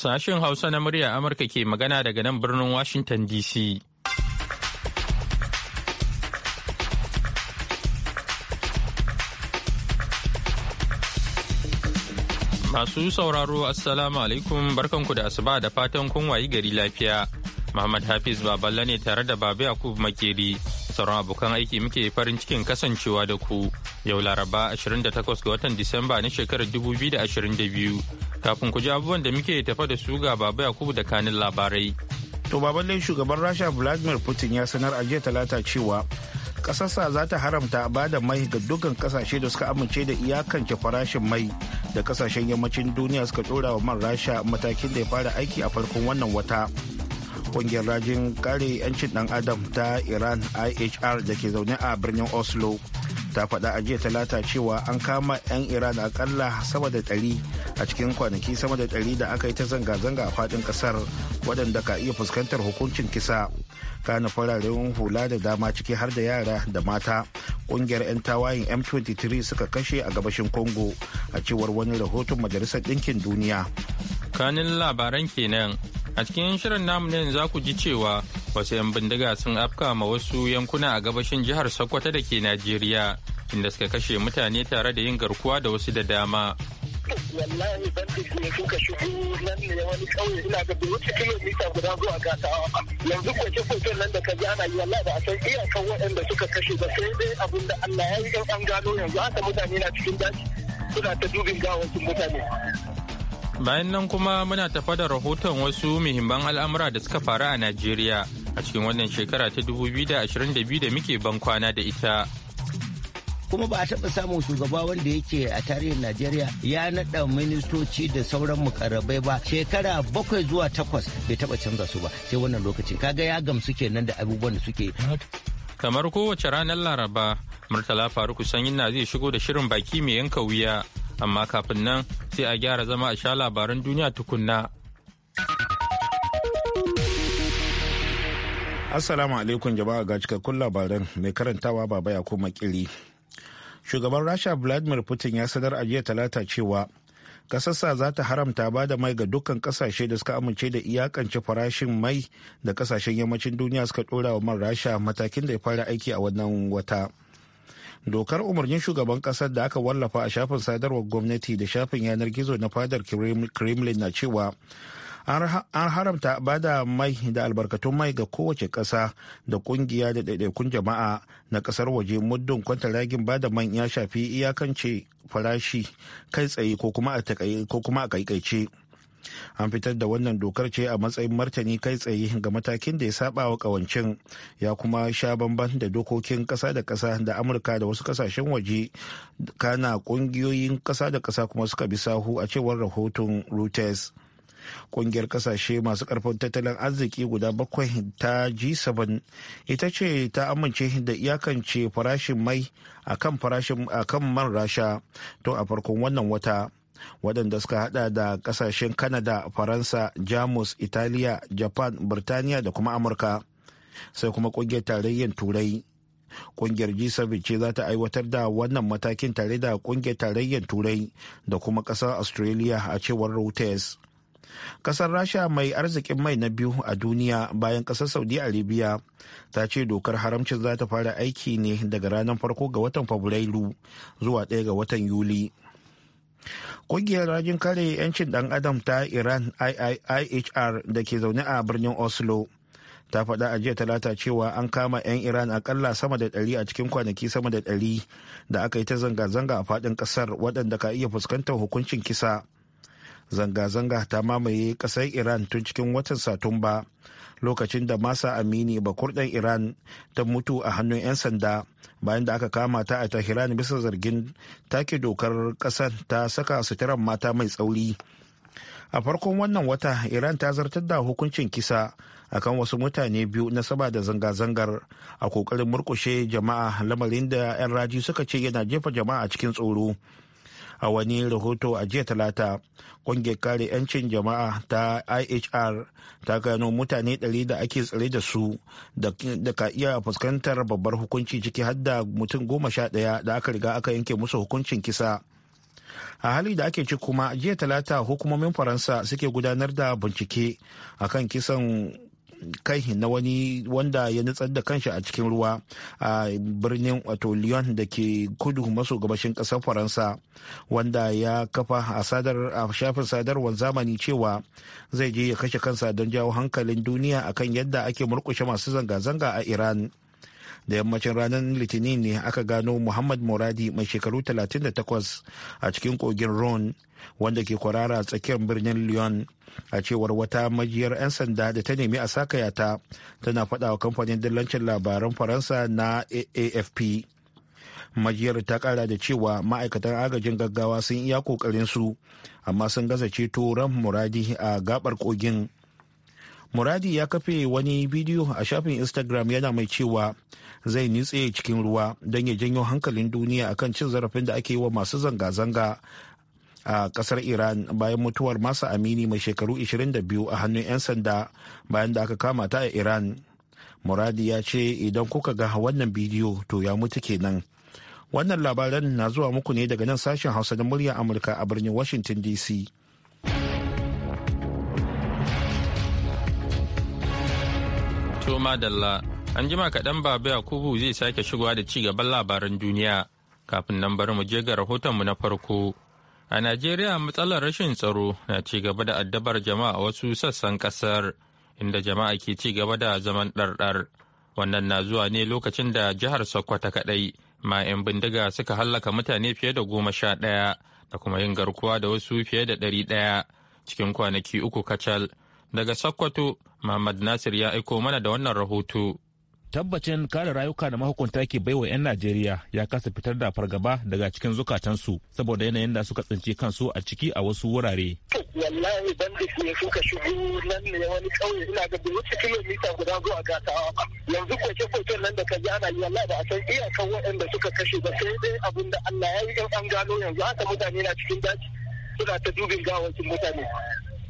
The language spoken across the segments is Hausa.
Sashen Hausa na murya Amurka ke magana daga nan birnin Washington DC. Masu sauraro Assalamu alaikum barkanku da asuba da fatan kun wayi gari lafiya. Muhammad Hafiz Baballa ne tare da Baba Yakubu Makeri sauran abokan aiki muke farin cikin kasancewa da ku yau laraba 28 ga watan disamba na shekarar 2022 kafin ku ji abubuwan da muke tafa da su ga baba yakubu da kanin labarai to baban shugaban rasha vladimir putin ya sanar a jiya talata cewa kasarsa za ta haramta ba da mai ga dukkan kasashe da suka amince da iyakance farashin mai da kasashen yammacin duniya suka dora wa man rasha matakin da ya fara aiki a farkon wannan wata. kungiyar rajin kare 'yancin dan adam ta iran ihr da ke zaune a birnin oslo ta faɗa a jiya talata cewa an kama 'yan iran akalla sama da ɗari a cikin kwanaki sama da ɗari da aka yi ta zanga-zanga a faɗin ƙasar waɗanda ka iya fuskantar hukuncin kisa kana fararen hula da dama ciki har da yara da mata kungiyar 'yan tawayin m23 suka kashe a gabashin congo a cewar wani rahoton majalisar ɗinkin duniya kanin labaran kenan A cikin shirin namu ne za ku ji cewa wasu 'yan bindiga sun afka ma wasu yankuna a gabashin jihar Sokoto da ke Najeriya inda suka kashe mutane tare da yin garkuwa da wasu da dama. Wallahi bandit ne suka shigo nan ne wani ƙauye ina ga wuce kilomita guda zuwa gasawa. Yanzu kwace kwacen nan da ka ji ana yi wallahi ba a san iyakan waɗanda suka kashe ba sai dai abin da Allah ya yi an gano yanzu haka mutane na cikin daji suna ta dubin gawancin mutane. Bayan nan kuma muna tafa da rahoton wasu muhimman al'amura da suka faru a Najeriya a cikin wannan shekara ta 2022 da muke ban kwana da ita. kuma ba a taba samun shugaba wanda yake a tarihin najeriya ya naɗa ministoci da sauran mukarrabai ba shekara bakwai zuwa takwas bai taɓa canza su ba sai wannan lokacin kaga ya gamsu kenan da abubuwan da suke kamar kowace ranar laraba murtala faruku sanyin na zai shigo da shirin baki mai yanka wuya amma kafin nan sai a gyara zama a sha labaran duniya tukunna. Assalamu alaikum jama'a ga cikakkun labaran mai karantawa baba ya kuma kiri. Shugaban Rasha Vladimir Putin ya sanar a jiya talata cewa kasarsa za ta haramta ba da mai ga dukkan kasashe da suka amince da iyakance farashin mai da kasashen yammacin duniya suka dora wa man rasha matakin da ya fara aiki a wannan wata. dokar umarnin shugaban kasar da aka wallafa a shafin sadarwar gwamnati da shafin yanar gizo na fadar kremlin na cewa an haramta ba da mai da albarkatun mai ga kowace ƙasa da ƙungiya da ɗaiɗaikun jama'a na ƙasar waje muddin ragin ba da man ya shafi iyakance farashi kai tsaye ko kuma a kaikaice. an fitar da wannan dokar ce a matsayin martani kai tsaye ga matakin da ya saba wa kawancin ya kuma sha bamban da dokokin kasa da kasa da amurka da wasu kasashen waje kana kungiyoyin kasa da kasa kuma suka bi sahu a cewar rahoton reuters kungiyar kasashe masu karfin tattalin arziki guda bakwai ta g7 ita ce ta amince da iyakance farashin mai a kan man rasha to a farkon wannan wata waɗanda suka hada da ƙasashen Kanada, Faransa, Jamus, Italiya, Japan, Birtaniya da kuma Amurka, sai kuma ƙungiyar tarayyar Turai. Ƙungiyar G7 ce za ta aiwatar da wannan matakin tare da ƙungiyar tarayyar Turai da kuma ƙasar Australia a cewar Reuters. Kasar Rasha mai arzikin mai na biyu a duniya bayan kasar Saudi Arabia ta ce dokar haramcin za ta fara aiki ne daga ranar farko ga watan Fabrairu zuwa ɗaya ga watan Yuli. Ƙungiyar rajin kare 'yancin ɗan adam ta Iran ihr da ke zaune a birnin Oslo ta faɗa a jiya talata cewa an kama 'yan Iran akalla sama da ɗari a cikin kwanaki sama da ɗari da aka yi ta zanga-zanga a faɗin ƙasar waɗanda ka iya fuskantar hukuncin kisa. Zanga-zanga ta mamaye ƙasar Iran tun cikin watan Satumba lokacin da masa amini bakurdan iran ta mutu a hannun 'yan sanda bayan da aka kama ta a tehran bisa zargin take dokar kasar ta saka suturan mata mai tsauri a farkon wannan wata iran ta zartar da hukuncin kisa akan wasu mutane biyu na saba da zanga-zangar a kokarin murkushe jama'a lamarin da 'yan raji suka ce yana jefa jama'a cikin tsoro a wani rahoto a jiya talata ƙungiyar kare 'yancin jama'a ta ihr ta gano mutane 100 da ake tsare da su da ka iya fuskantar babbar hukunci ciki har da mutum goma sha ɗaya da aka riga aka yanke musu hukuncin kisa a hali da ake ci kuma jiya talata hukumomin faransa suke gudanar da bincike akan kisan kai na wani wanda ya nutsar da kanshi a cikin ruwa a birnin wato lyon da ke kudu maso gabashin ƙasar faransa wanda ya kafa a sadar a shafin sadarwar zamani cewa zai je ya kashe kansa don jawo hankalin duniya akan yadda ake murkushe masu zanga-zanga a iran da yammacin ranar litinin ne aka gano muhammad muradi mai shekaru 38 a cikin kogin rhone wanda ke kwarara tsakiyar birnin lyon a cewar wata majiyar 'yan sanda da ta nemi a sakayata tana faɗawa wa kamfanin dillancin labaran faransa na afp majiyar ta kara da cewa ma'aikatan agajin gaggawa sun iya kokarin su amma sun gaza ceto ran muradi a gabar kogin muradi ya kafe wani bidiyo a shafin instagram yana mai cewa zai nitse cikin ruwa don ya janyo hankalin duniya a kan cin zarafin da ake yi wa masu zanga-zanga a kasar iran bayan mutuwar masa amini mai shekaru 22 a hannun 'yan sanda bayan da aka kama ta a iran muradi ya ce idan kuka ga wannan bidiyo to ya mutu kenan wannan labaran na zuwa muku ne daga nan sashen hausa na murya amurka a birnin washington dc To madalla, an jima kaɗan babu Yakubu zai sake shigowa da ci gaban labaran duniya. Kafin nan bari mu je ga rahotonmu na farko. A Najeriya matsalar rashin tsaro na ci gaba da addabar jama'a a wasu sassan ƙasar, inda jama'a ke cigaba da zaman ɗarɗar. Wannan na zuwa ne lokacin da jihar Sokoto kaɗai ma 'yan bindiga suka hallaka mutane fiye da goma sha ɗaya da kuma yin garkuwa da wasu fiye da ɗari ɗaya cikin kwanaki uku kacal. Daga Sokoto, Muhammad Nasir ya aiko mana da wannan rahoto. Tabbacin kare rayuka da mahukunta ke baiwa 'yan Najeriya ya kasa fitar da fargaba daga cikin zukatansu saboda yanayin da suka tsinci kansu a ciki a wasu wurare. Wallahi ban da ne suka shigo nan ne wani kauye ina ga bai wuce kilomita guda zuwa gasawa ba. Yanzu koke koken nan da ka ana yi wallahi ba a san iyakan waɗanda suka kashe ba sai dai abin da Allah ya yi an gano yanzu haka mutane na cikin daji suna ta dubin gawancin mutane.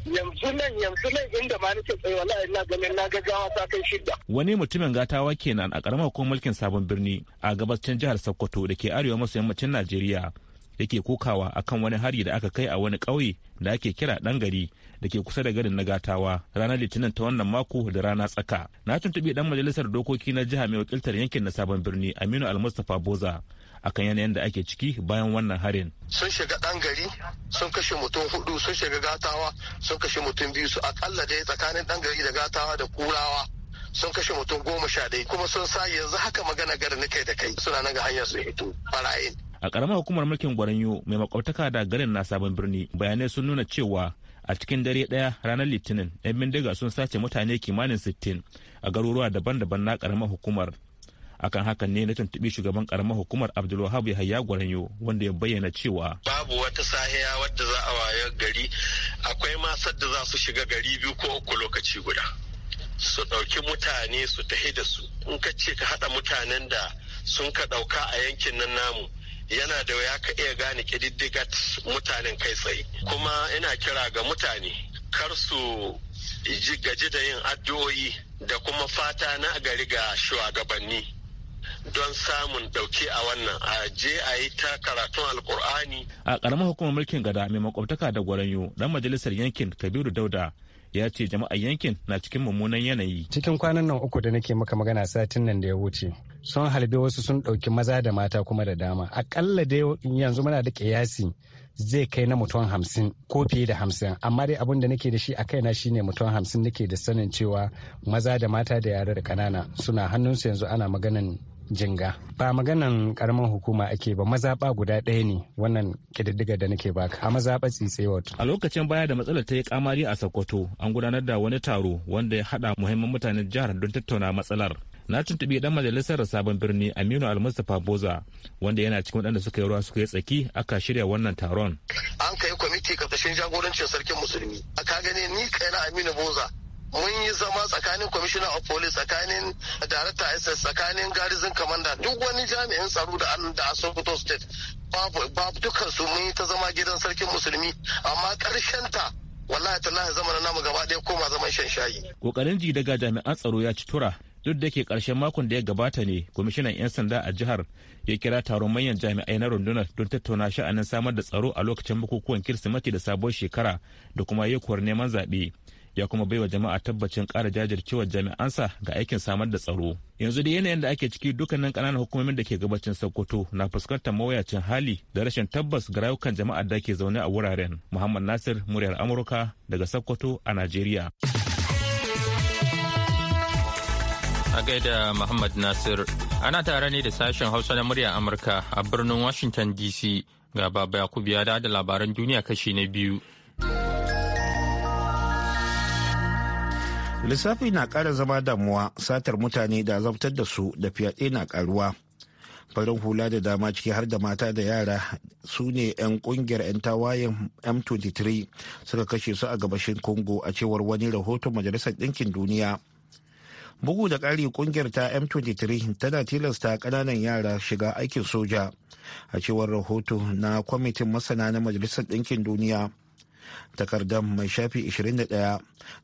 yanzu nan yanzu nan inda ma nake tsaye wallahi ina ganin na gaggawa ta kai shida wani mutumin gatawa kenan a ƙaramar hukumar mulkin sabon birni a gabashin jihar Sokoto da ke arewa maso yammacin Najeriya yake kokawa akan wani hari da aka kai a wani ƙauye da ake kira ɗan gari da ke kusa da garin gatawa ranar litinin ta wannan mako da rana tsaka na tuntuɓi ɗan majalisar dokoki na jiha mai wakiltar yankin na sabon birni aminu almustapha boza akan yanayin da ake ciki bayan wannan harin. Sun shiga ɗan gari sun kashe mutum hudu sun shiga gatawa sun kashe mutum biyu su akalla dai tsakanin ɗan gari da gatawa da kurawa sun kashe mutum goma sha ɗaya kuma sun sa yanzu haka magana gara na kai da kai suna nan ga hanyar su hito barayin. A ƙaramar hukumar mulkin Gwaranyo mai makwabtaka da garin na sabon birni bayanai sun nuna cewa a cikin dare ɗaya ranar litinin 'yan bindiga sun sace mutane kimanin sittin a garuruwa daban-daban na ƙaramar hukumar akan hakan ne na tuntuɓi shugaban karamar hukumar abdulwahab yahaya gwaranyo wanda ya bayyana cewa babu wata sahiya wadda za a wayo gari akwai masar da za su shiga gari biyu ko uku lokaci guda su ɗauki mutane su tahi da su in ka ce ka haɗa mutanen da sun ka ɗauka a yankin nan namu yana da wuya ka iya gane ƙididdigat mutanen kai tsaye kuma ina kira ga mutane kar su gaji da yin addu'o'i da kuma fata na gari ga shugabanni don samun dauke a wannan a je a yi ta karatun alkur'ani a karamar hukumar mulkin gada mai makwabtaka da gwaranyo dan majalisar yankin kabiru dauda ya ce jama'ar yankin na cikin mummunan yanayi cikin kwanan nan uku da nake maka magana satin nan da ya wuce sun halbe wasu sun ɗauki maza da mata kuma da dama akalla da yanzu muna da kiyasi zai kai na mutum hamsin ko fiye da hamsin amma dai abin da nake da shi a kaina shine mutum hamsin nake da sanin cewa maza da mata da yara da kanana suna hannunsu yanzu ana maganan jinga ba maganan karamin hukuma ake ba mazaɓa guda ɗaya ne wannan kididdiga da nake baka a mazaba tsitsi wato a lokacin baya da matsalar ta yi kamari a sokoto an gudanar da wani taro wanda ya haɗa muhimman mutanen jihar don tattauna matsalar na tuntuɓi dan majalisar sabon birni aminu almustapha boza wanda yana cikin waɗanda suka yi ruwa suka yi tsaki aka shirya wannan taron an kai kwamiti kafashin jagorancin sarkin musulmi a ka gane ni kaina aminu boza mun yi zama tsakanin commissioner of police tsakanin director ss tsakanin garizin commander duk wani jami'in tsaro da an da sokoto state babu babu dukkan su mun yi ta zama gidan sarkin musulmi amma karshen ta wallahi tallahi zaman namu gaba ɗaya koma zaman shan shayi kokarin ji daga jami'an tsaro ya ci tura duk da ke karshen makon da ya gabata ne kwamishinan 'yan sanda a jihar ya kira taron manyan jami'ai na rundunar don tattauna sha'anin samar da tsaro a lokacin bukukuwan kirsimati da sabuwar shekara da kuma yakuwar neman zaɓe ya kuma baiwa jama'a tabbacin ƙara jajircewar jami'ansa ga aikin samar da tsaro yanzu da yanayin da ake ciki dukkanin ƙananan hukumomin da ke gabacin sokoto na fuskantar mawuyacin hali da rashin tabbas ga rayukan jama'a da ke zaune a wuraren muhammad nasir muryar amurka daga sokoto a najeriya a gaida muhammad nasir ana tare ne da sashen hausa na murya amurka a birnin washington dc ga baba yakubu ya da labaran duniya kashi na biyu lissafi na ƙara zama damuwa satar mutane da zabtar da su da fyaɗe na ƙaruwa farin hula da dama ciki har da mata da yara su ne 'yan kungiyar 'yan tawayen m23 suka kashe su a gabashin congo a cewar wani rahoton majalisar ɗinkin duniya bugu da ƙari kungiyar ta m23 tana tilasta ƙananan yara shiga aikin soja a cewar rahoto na kwamitin masana na majalisar ɗinkin duniya takardar mai shafi 21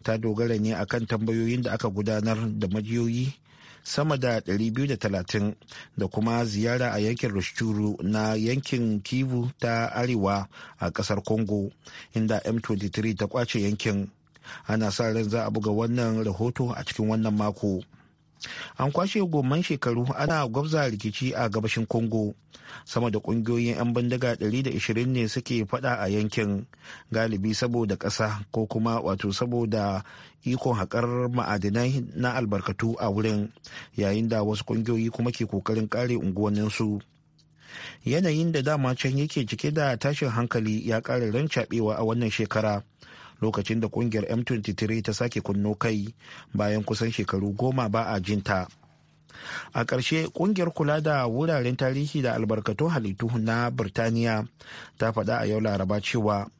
ta dogara ne akan tambayoyin da aka gudanar da majiyoyi sama da 230 da kuma ziyara a yankin rushuru na yankin kivu ta arewa a kasar congo inda m23 ta kwace yankin ana sa ran za a buga wannan rahoto a cikin wannan mako an kwashe goman shekaru ana gwabza rikici a gabashin congo sama da kungiyoyin 'yan bindiga 120 ne suke fada a yankin galibi saboda ƙasa ko kuma wato saboda ikon haƙar ma'adinai na albarkatu a wurin yayin da wasu kungiyoyi kuma ke kokarin kare unguwanninsu yanayin da dama can yake cike da tashin hankali ya ƙara rancaɓewa a wannan shekara lokacin da kungiyar m23 ta sake kunno kai bayan kusan shekaru goma ba a jinta a ƙarshe ƙungiyar kula da wuraren tarihi da albarkatun halittu na birtaniya ta faɗa a yau laraba cewa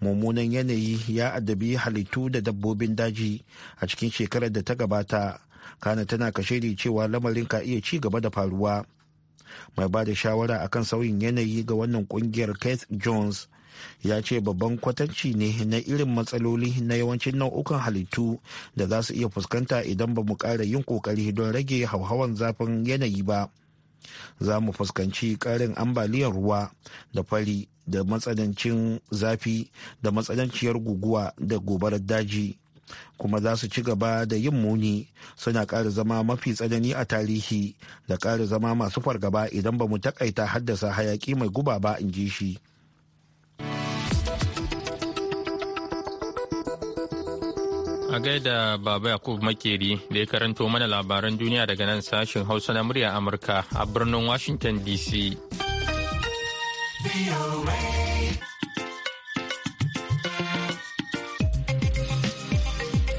mummunan yanayi ya addabi halittu da dabbobin daji a cikin shekarar da ta gabata kana tana kashedi cewa lamarin ka iya ci gaba da faruwa mai ba da shawara akan sauyin yanayi ga wannan kungiyar keith jones ya ce babban kwatanci ne na irin matsaloli na yawancin nau'ukan halittu da za su iya fuskanta idan ba mu ƙara yin ƙoƙari don rage hauhawan zafin yanayi ba za mu fuskanci ƙarin ambaliyar ruwa da fari da matsanancin zafi da matsananciyar guguwa da gobarar daji kuma za su ci gaba da yin muni suna ƙara zama mafi tsanani a tarihi da ƙara zama masu fargaba idan ba mu taƙaita haddasa hayaƙi mai guba ba in ji shi. A gaida Baba Yakub Makeri da ya karanto mana labaran duniya daga nan sashen Hausa na murya Amurka a birnin Washington DC.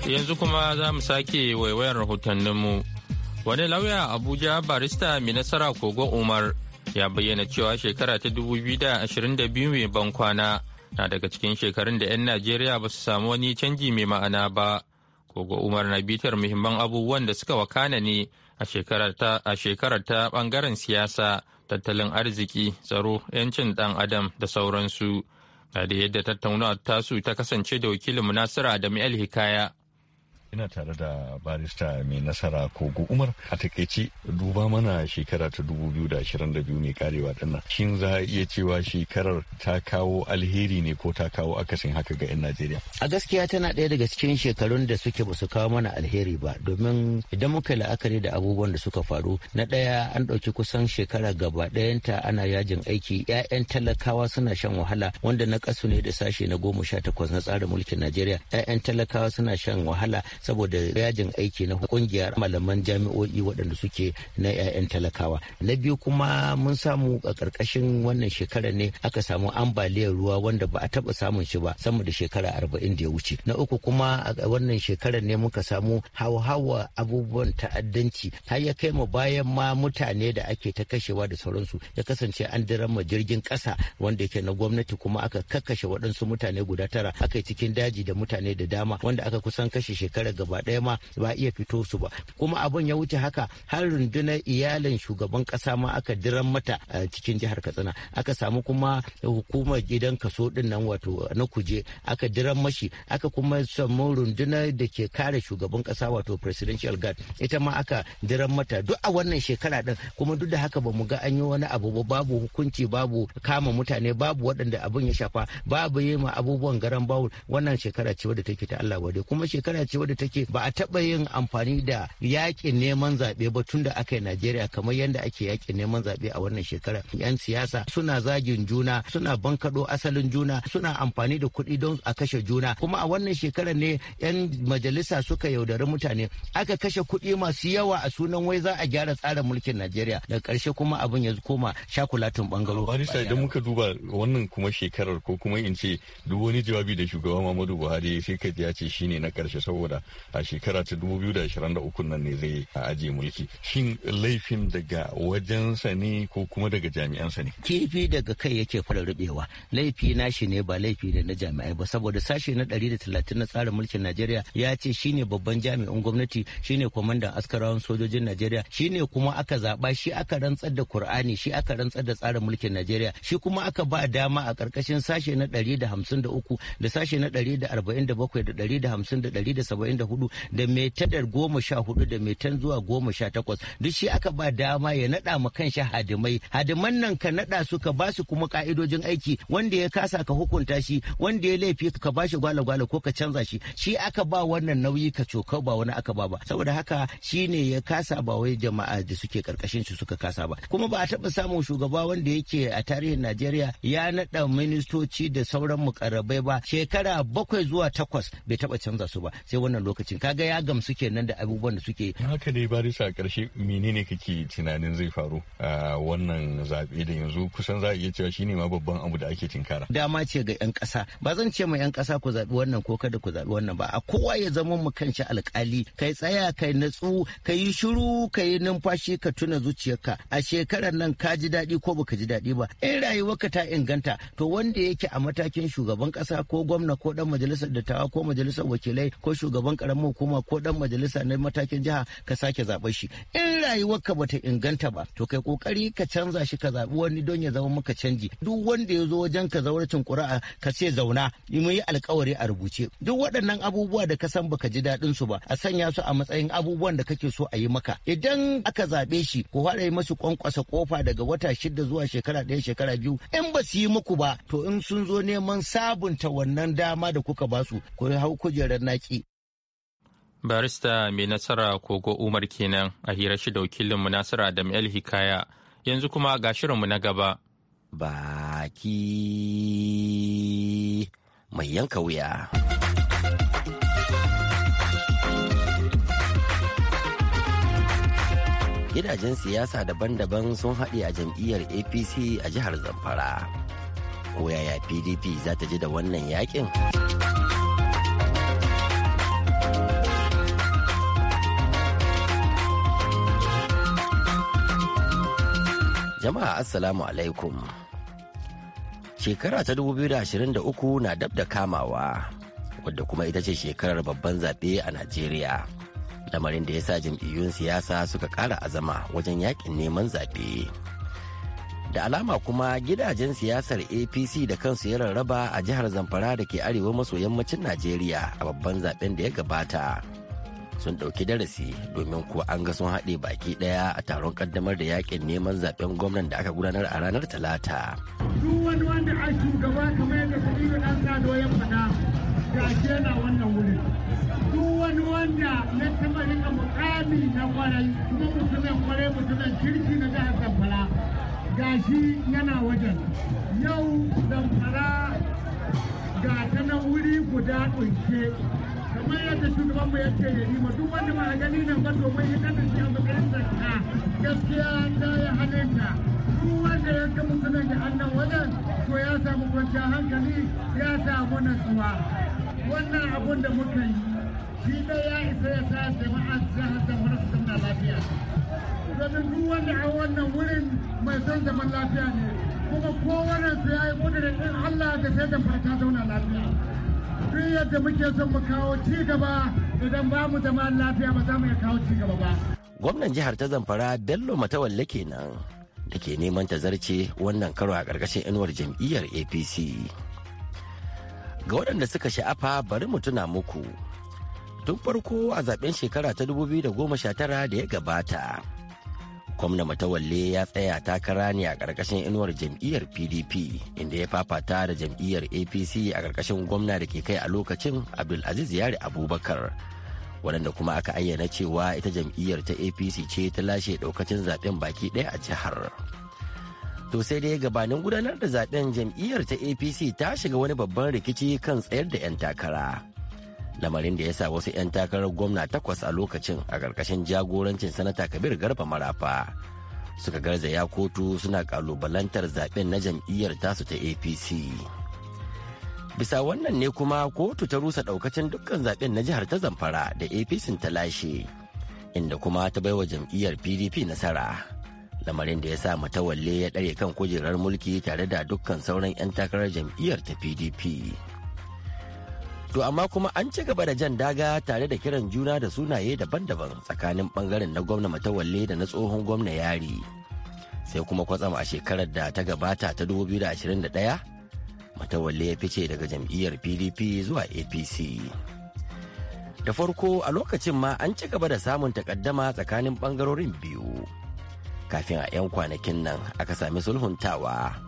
Yanzu kuma za mu sake waiwayar rahotanninmu. Wani lauya Abuja barista mai nasara kogon Umar ya bayyana cewa shekara ta 2022 mai ban kwana na daga cikin shekarun da 'yan Najeriya ba su samu wani canji mai ma'ana ba Gogo Umar na bitar muhimman abubuwan da suka wakana ne a shekarar ta bangaren siyasa, tattalin arziki, tsaro, 'yancin ɗan adam da sauransu. Ga da yadda tattaunawa tasu ta kasance da wakilin munasira Adamu El Hikaya ina tare da barista mai nasara kogo umar a takaice duba mana shekara ta 2022 mai karewa dinnan shin za a iya cewa shekarar ta kawo alheri ne ko ta kawo akasin haka ga 'yan najeriya a gaskiya tana ɗaya daga cikin shekarun da suke basu kawo mana alheri ba domin idan muka la'akari da abubuwan da suka faru na ɗaya an ɗauki kusan shekara gaba ɗayanta ana yajin aiki 'ya'yan talakawa suna shan wahala wanda na kasu ne da sashe na goma sha takwas na tsarin mulkin najeriya 'ya'yan talakawa suna shan wahala saboda yajin aiki na kungiyar malaman jami'o'i waɗanda suke na 'ya'yan talakawa na biyu kuma mun samu a ƙarƙashin wannan shekarar ne aka samu ambaliyar ruwa wanda ba a taɓa samun shi ba sama da shekara arba'in da ya wuce na uku kuma a wannan shekarar ne muka samu hawa abubuwan ta'addanci har ya kai mu bayan ma mutane da ake ta kashewa da sauransu ya kasance an dirama jirgin ƙasa wanda yake na gwamnati kuma aka kakkashe waɗansu mutane guda tara aka yi cikin daji da mutane da dama wanda aka kusan kashe shekara gagara gaba ɗaya ma ba iya fito su ba kuma abin ya wuce haka har rundunar iyalin shugaban kasa ma aka diran mata a cikin jihar katsina aka samu kuma hukumar gidan kaso din nan wato na kuje aka diran mashi aka kuma samu rundunar da ke kare shugaban kasa wato presidential guard ita ma aka diran mata duk a wannan shekara din kuma duk da haka ba mu ga an yi wani abu ba babu hukunci babu kama mutane babu waɗanda abin ya shafa babu yi ma abubuwan garan bawul wannan shekara ce wadda take ta Allah wadai kuma shekara ce wadda take ba a taɓa yin amfani da yakin neman zaɓe ba tun da aka yi Najeriya kamar yadda ake yakin neman zaɓe a wannan shekara. 'Yan siyasa suna zagin juna, suna bankaɗo asalin juna, suna amfani da kuɗi don a kashe juna. Kuma a wannan shekarar ne 'yan majalisa suka yaudari mutane. Aka kashe kuɗi masu yawa a sunan wai za a gyara tsarin mulkin Najeriya. Da ƙarshe kuma abin ya koma shakulatun bangaro. Barista idan muka duba wannan kuma shekarar ko kuma in ce duk wani jawabi da shugaba Muhammadu Buhari sai ka ji ya ce shine na ƙarshe saboda a shekara ta 2023 nan ne zai ajiye mulki shin laifin daga wajensa ne ko kuma daga jami'ansa ne kifi daga kai yake fara rubewa laifi nashi ne ba laifi da na jami'ai ba saboda sashe na 130 na tsarin mulkin Najeriya ya ce shine babban jami'in gwamnati shine kwamandan askarawan sojojin Najeriya shine kuma aka zaba shi aka rantsar da Kur'ani shi aka rantsar da tsarin mulkin Najeriya shi kuma aka ba dama a karkashin sashe na 153 da sashe na 147 da 150 da da hudu da mai tadar goma sha hudu da mai tan zuwa goma sha takwas duk shi aka ba dama ya naɗa ma kanshi hadimai hadiman nan ka naɗa su ka basu kuma ka'idojin aiki wanda ya kasa ka hukunta shi wanda ya laifi ka bashi gwala-gwala ko ka canza shi shi aka ba wannan nauyi ka cokau ba wani aka ba ba saboda haka shi ne ya kasa ba wai jama'a da suke karkashin shi suka kasa ba kuma ba a taba samun shugaba wanda yake a tarihin najeriya ya naɗa ministoci da sauran mukarrabai ba shekara bakwai zuwa takwas bai taɓa canza su ba sai wannan lokacin kaga ya gamsu kenan da abubuwan da suke haka dai barisa a mene menene kake tunanin zai faru a wannan zaɓe da yanzu kusan za a iya cewa shine ma babban abu da ake tinkara dama ce ga yan kasa ba zan ce ma yan kasa ku zaɓi wannan ko kada ku zaɓi wannan ba a kowa ya zama mu kanshi alkali kai tsaya kai natsu ka yi shiru ka numfashi ka tuna zuciyarka a shekarar nan ka ji daɗi ko baka ji daɗi ba in ka ta inganta to wanda yake a matakin shugaban ƙasa ko gwamna ko dan majalisar dattawa ko majalisar wakilai ko shugaban karamin hukuma ko dan majalisa na matakin jiha ka sake zaɓe shi in rayuwarka bata inganta ba to kai kokari ka canza shi ka zaɓi wani don ya zama maka canji duk wanda ya zo wajen ka zauracin ƙura'a ka ce zauna mu yi alkawari a rubuce duk waɗannan abubuwa da ka san baka ji daɗin su ba a sanya su a matsayin abubuwan da kake so a yi maka idan aka zaɓe shi ku fara yi masu kwankwasa kofa daga wata shida zuwa shekara ɗaya shekara biyu in ba su yi muku ba to in sun zo neman sabunta wannan dama da kuka ba su ku hau kujerar naki barista mai nasara kogo umar kenan a hira shi da wakilin nasiru adam el hikaya yanzu kuma ga shirinmu na gaba baki mai yanka wuya gidajen siyasa daban-daban sun haɗe a jam'iyyar apc a jihar zamfara ko yaya pdp za ta ji da wannan yakin? Jama'a Assalamu alaikum. Shekara ta 2023 na dab da kamawa, wadda kuma ita ce shekarar babban zaɓe a Najeriya. Lamarin da ya sa jam'iyyun siyasa suka ƙara azama wajen yakin neman zaɓe. Da alama kuma gidajen siyasar APC da kansu ya rarraba a jihar Zamfara da ke arewa maso yammacin Najeriya a babban zaɓen da ya gabata. sun ɗauki darasi domin kuwa an ga sun haɗe baki ɗaya a taron ƙaddamar da yakin neman zaben gwamnan da aka gudanar a ranar talata. Duk wani wanda a shugaba kamar yadda Sa'idu ɗan Sado ya fada gashe na wannan wurin. Duk wani wanda na taɓa rika mukami na kwarai kuma mutumin kwarai mutumin kirki na jihar Zamfara gashi yana wajen. Yau Zamfara ga ta wuri guda ɗauke kamar yadda shugaban mu yake ya yi duk wanda ba a gani nan ba domin ya shi a matsayin zakka gaskiya ta yi halitta duk wanda ya ga musulun da annan wajen to ya samu kwanciyar hankali ya samu natsuwa wannan abun da muka yi shi da ya isa ya sa jama'a jihar zamfara su zauna lafiya domin duk wanda a wannan wurin mai son zaman lafiya ne kuma kowane su ya yi kudurin in Allah da sai da farka zauna lafiya duk yadda muke son mu kawo ci gaba idan ba mu zama lafiya ba za mu iya kawo ci gaba ba. Gwamnan jihar ta Zamfara Bello Matawalle kenan da ke neman ta zarce wannan karo a ƙarƙashin inuwar jam'iyyar APC. Ga waɗanda suka sha'afa bari mu tuna muku. Tun farko a zaben shekara ta 2019 da ya gabata. Kwamna Matawalle ya tsaya takara ne a karkashin inuwar jam'iyyar PDP inda ya fafata da jam'iyyar APC a karkashin gwamna da ke kai a lokacin Abdulaziz Yari Abubakar. waɗanda kuma aka ayyana cewa ita jam'iyyar ta apc ce ta lashe ɗaukacin zaɓen baki ɗaya a jihar to sai dai gabanin gudanar da zaɓen jam'iyyar ta apc ta shiga wani babban rikici kan tsayar da 'yan takara lamarin da ya sa wasu 'yan takarar gwamna takwas a lokacin a ƙarƙashin jagorancin sanata kabir garba marafa suka garzaya kotu suna kalubalantar zaben na jam'iyyar tasu ta apc bisa wannan ne kuma kotu ta rusa ɗaukacin dukkan zaben na jihar ta zamfara da apc ta lashe inda kuma ta baiwa jam'iyyar pdp nasara lamarin da ya sa matawalle ya ɗare kan kujerar mulki tare da dukkan sauran 'yan takarar jam'iyyar ta pdp To amma kuma an ci gaba da jan daga tare da kiran juna da sunaye daban-daban tsakanin bangaren na gwamna matawalle da na tsohon gwamna yari. Sai kuma kwatsam a shekarar da ta gabata ta 2021 matawalle ya fice daga jam'iyyar PDP zuwa APC. Da farko a lokacin ma an ci gaba da samun takaddama tsakanin bangarorin biyu. Kafin a 'yan kwanakin nan aka sami sulhuntawa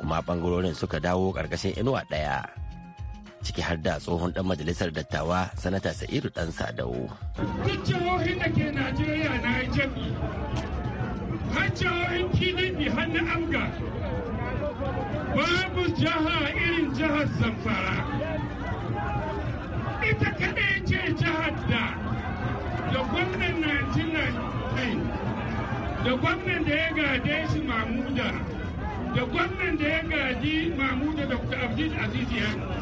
kuma bangarorin suka dawo ƙarƙashin inuwa ɗaya. ciki har da tsohon dan majalisar dattawa sanata sa'iru dan sadau duk da ke najeriya na yi jami har jihohin pdp har na amga babu jiha irin jihar zamfara ita kaɗai ce jihar da da gwamnan najeriya kai da gwamnan da ya gade shi mamuda da gwamnan da ya gaji mamuda dr abdul aziz yanu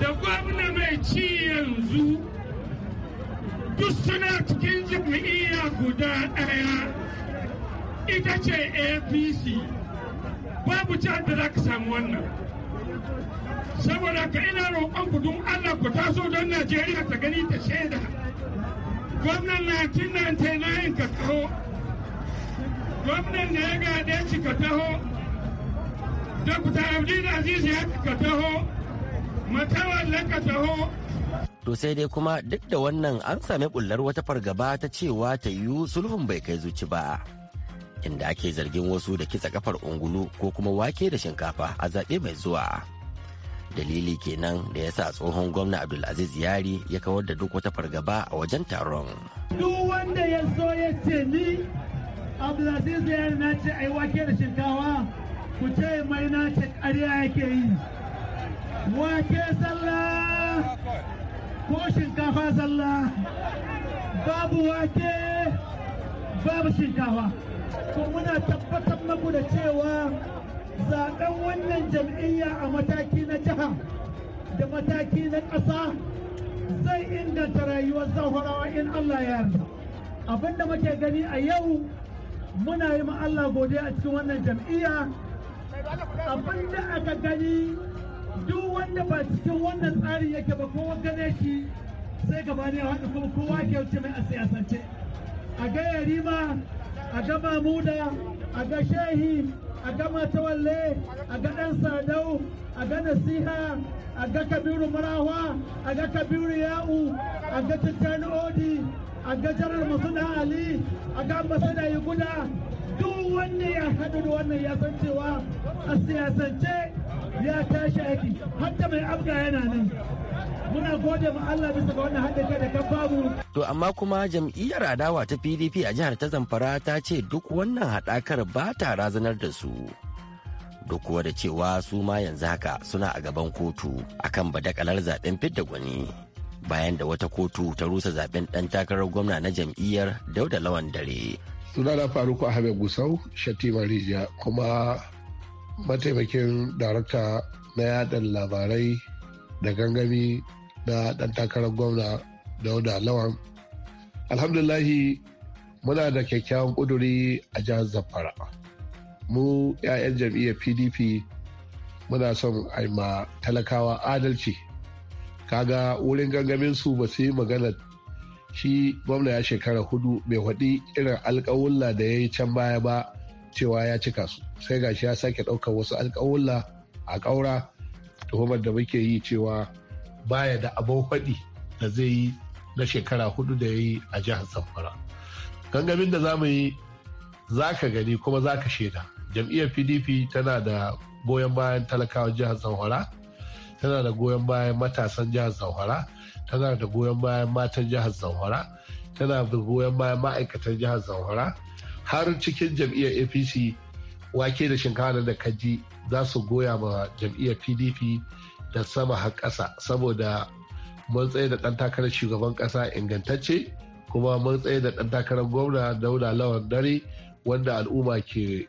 da gwamna mai ci yanzu duk suna cikin jam'iyya guda ɗaya ita ce apc babu ci da za ka samu wannan saboda ka ina roƙon ku don allah ku taso don najeriya ta gani ta shaida gwamnan na nayin ka taho gwamnan da ya gade shi ka taho da ku aziz ya ka taho To sai dai kuma duk da wannan an sami bullar wata fargaba ta cewa ta yiwu sulhun bai kai zuci ba. Inda ake zargin wasu da kitsa kafar ungulu ko kuma wake da shinkafa a zaɓe mai zuwa. Dalili kenan da ya sa tsohon gwamna Abdulaziz Yari ya kawar da duk wata fargaba a wajen taron. Duk wanda ya so ya ce ni Abdulaziz Yari na ce ai wake da shinkawa ku ce mai na ce ƙarya yake yi. wake sallah ko shinkafa sallah babu wake babu shinkafa Ko muna tabbatar maku da cewa zaɓen wannan jam'iyya a mataki na jiha da mataki na ƙasa zai inganta rayuwar zahurawa in Allah ya yarda abinda muke gani a yau muna yi Allah godiya a cikin wannan jam'iyya abinda aka gani duk wanda ba cikin wannan tsarin yake ba kowa gane shi sai gaba ne haɗu kuma kowa ke wuce mai a siyasance a ga yarima a ga mamuda a ga shehi a ga matawalle a ga ɗan sadau a ga nasiha a ga kabiru marawa a ga kabiru ya'u a ga tattalin odi a ga jarar masana ali a ga masana yi guda duk wannan ya haɗu da wannan ya san a siyasance to amma kuma jam'iyyar adawa ta PDP a jihar ta Zamfara ta ce duk wannan hadakar ba ta razanar da su duk kuwa da cewa su ma yanzu haka suna a gaban kotu akan badakalar zaɓen fidda gwani bayan da wata kotu ta rusa zaɓen ɗan takarar gwamna na jam'iyyar dauda lawan dare Suna na faruku ahmed gusau shatima rijiya kuma mataimakin darakta na yaɗa labarai da gangami na ɗan takarar gwamna dauda lawan alhamdulahi muna da kyakkyawan kuduri a jihar zamfara mu 'ya'yan jam'iyyar pdp muna son ma talakawa adalci kaga wurin gangamin su ba su yi magana shi gwamna ya shekara hudu bai faɗi irin alƙawulla da ya yi can baya ba cewa ya cika su sai gashi ya sake ɗaukar wasu alƙawulla a ƙaura tuhumar da muke yi cewa baya da abin faɗi da zai yi na shekara hudu da ya yi a jihar zamfara gangamin da zamu yi za ka gani kuma za ka shaida jam'iyyar pdp tana da goyon bayan talakawan jihar zamfara tana da goyon bayan matasan jihar zamfara tana da goyon bayan matan jihar zamfara tana da goyon bayan ma'aikatan jihar zamfara har cikin jam'iyyar apc wake da shinkafa da kaji za su goya ma jam'iyyar pdp da sama har ƙasa saboda mun tsaye da ɗan takarar shugaban ƙasa ingantacce kuma mun tsaye da ɗan takarar gwamna daula lawan dare wanda al'umma ke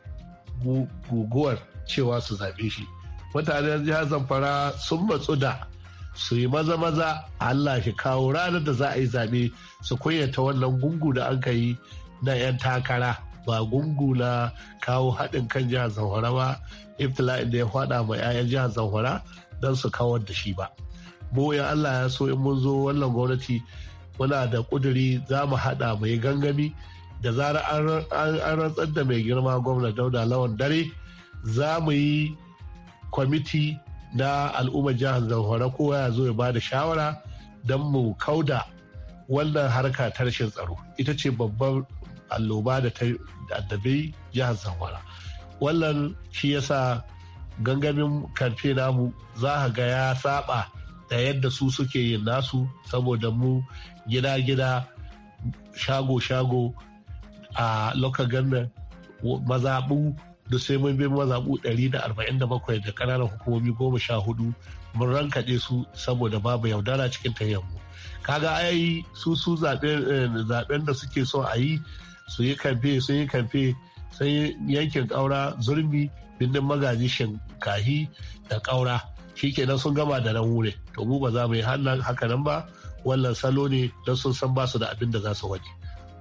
guguwar cewa su zaɓe shi mutanen jihar zamfara sun matsu da su yi maza maza Allah shi kawo ranar da za a yi zaɓe su kunyata wannan gungu da an yi na 'yan takara ba gungu na kawo haɗin kan jihar zamfara ba iftila'in da ya faɗa ma 'ya'yan jihar zamfara don su kawar da shi ba mu allah ya so in mun zo wannan gwamnati muna da ƙuduri za mu haɗa mai gangami da zara an rantsar da mai girma gwamna dauda lawan dare za mu yi kwamiti na al'ummar jihar zamfara kowa ya zo ya bada shawara don mu kauda wannan harka ta rashin tsaro ita ce babban alloba da ta addabi jihar zamfara wannan shi yasa gangamin karfe namu za a ga ya saba da yadda su suke yin nasu saboda mu gida-gida shago-shago a local government mazaɓu da sai mun bin mazaɓu 147 da ƙananan hukumomi 14 mun rankaɗe su saboda babu yaudara cikin tayyammu kaga ai su su eh, zaɓen da suke so a yi su yi kamfe su yi kamfe sai yankin ƙaura zurbi bindin magaji shinkahi da ƙaura kenan sun gama da nan wure to mu ba za mu yi haka nan ba wannan salo ne don sun san ba su da abin da za su wani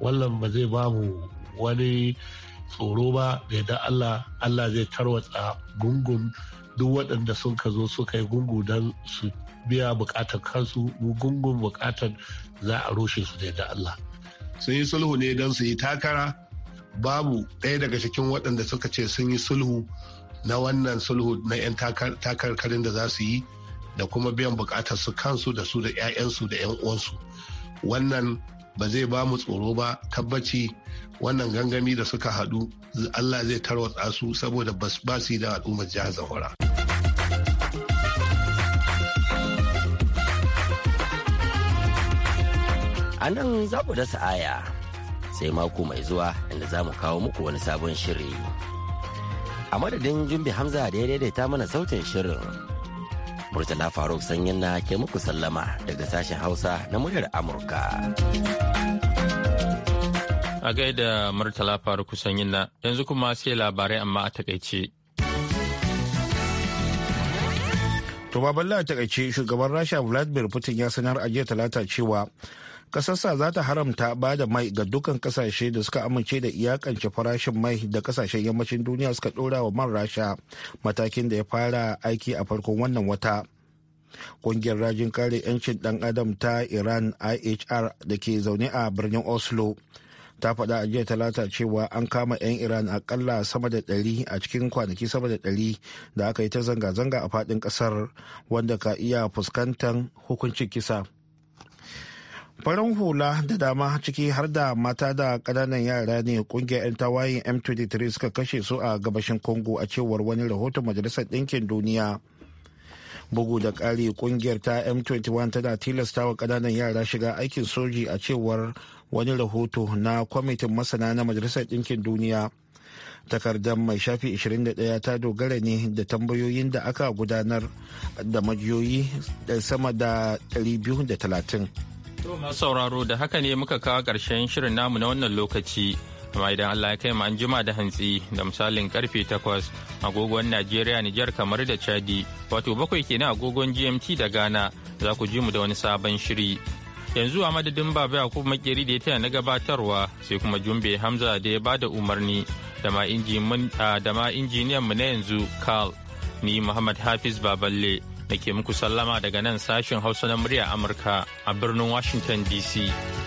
wannan ba zai ba mu wani tsoro ba da yadda Allah Allah zai tarwatsa gungun duk waɗanda sun ka zo suka yi gungu don su biya bukatar kansu gungun bukatar za a rushe su da yadda Allah sun yi sulhu ne don su yi takara babu ɗaya daga cikin waɗanda suka ce sun yi sulhu na wannan sulhu na 'yan takarkarin da za su yi da kuma biyan bukatar su kansu da su da 'ya'yansu da 'yan uwansu wannan ba zai ba mu tsoro ba tabbaci wannan gangami da suka haɗu allah zai tarwatsa su saboda ba su da al'ummar jihar zahora. a nan za ku dasa aya sai mako mai zuwa inda za mu kawo muku wani sabon shiri a madadin jumbi hamza da ya daidaita mana sautin shirin murtala faruk sanyin na ke muku sallama daga sashen hausa na muryar amurka a gaida murtala faruk sanyin na yanzu kuma sai labarai amma a takaice to baballa a takaice shugaban rasha vladimir putin ya sanar a jiya talata cewa kasarsa za ta haramta ba da mai ga dukkan kasashe da suka amince da iyakance farashin mai da kasashen yammacin duniya suka dora wa man rasha matakin da ya fara aiki a farkon wannan wata kungiyar rajin kare 'yancin dan adam ta iran ihr da ke zaune a birnin oslo ta faɗa a jiya talata cewa an kama 'yan iran akalla sama da ɗari a cikin kwanaki sama da ɗari da aka yi ta zanga-zanga a faɗin ƙasar wanda ka iya fuskantar hukuncin kisa farin hula da dama ciki har da mata da kananan yara ne kungiyar 'yan tawayin m23 suka kashe su a gabashin congo a cewar wani rahoton majalisar ɗinkin duniya bugu da ƙari kungiyar ta m21 tana tilasta wa kananan yara shiga aikin soji a cewar wani rahoto na kwamitin masana na majalisar ɗinkin duniya takardar mai shafi 21 ta dogara ne da tambayoyin da aka gudanar da majiyoyi sama da 230 sauraro da haka ne muka kawo ƙarshen shirin namu na wannan lokaci amma idan Allah ya kai mu an jima da hantsi da misalin karfe takwas agogon Najeriya Nijar kamar da Chadi wato bakwai kenan agogon GMT da Ghana za ku ji mu da wani sabon shiri yanzu a madadin baba Yakub makeri da ya taya na gabatarwa sai kuma Jumbe Hamza da ya bada umarni ah, da ma injiniyan mu na yanzu Carl ni Muhammad Hafiz Baballe da muku sallama daga nan sashen hausa na murya amurka a birnin washington dc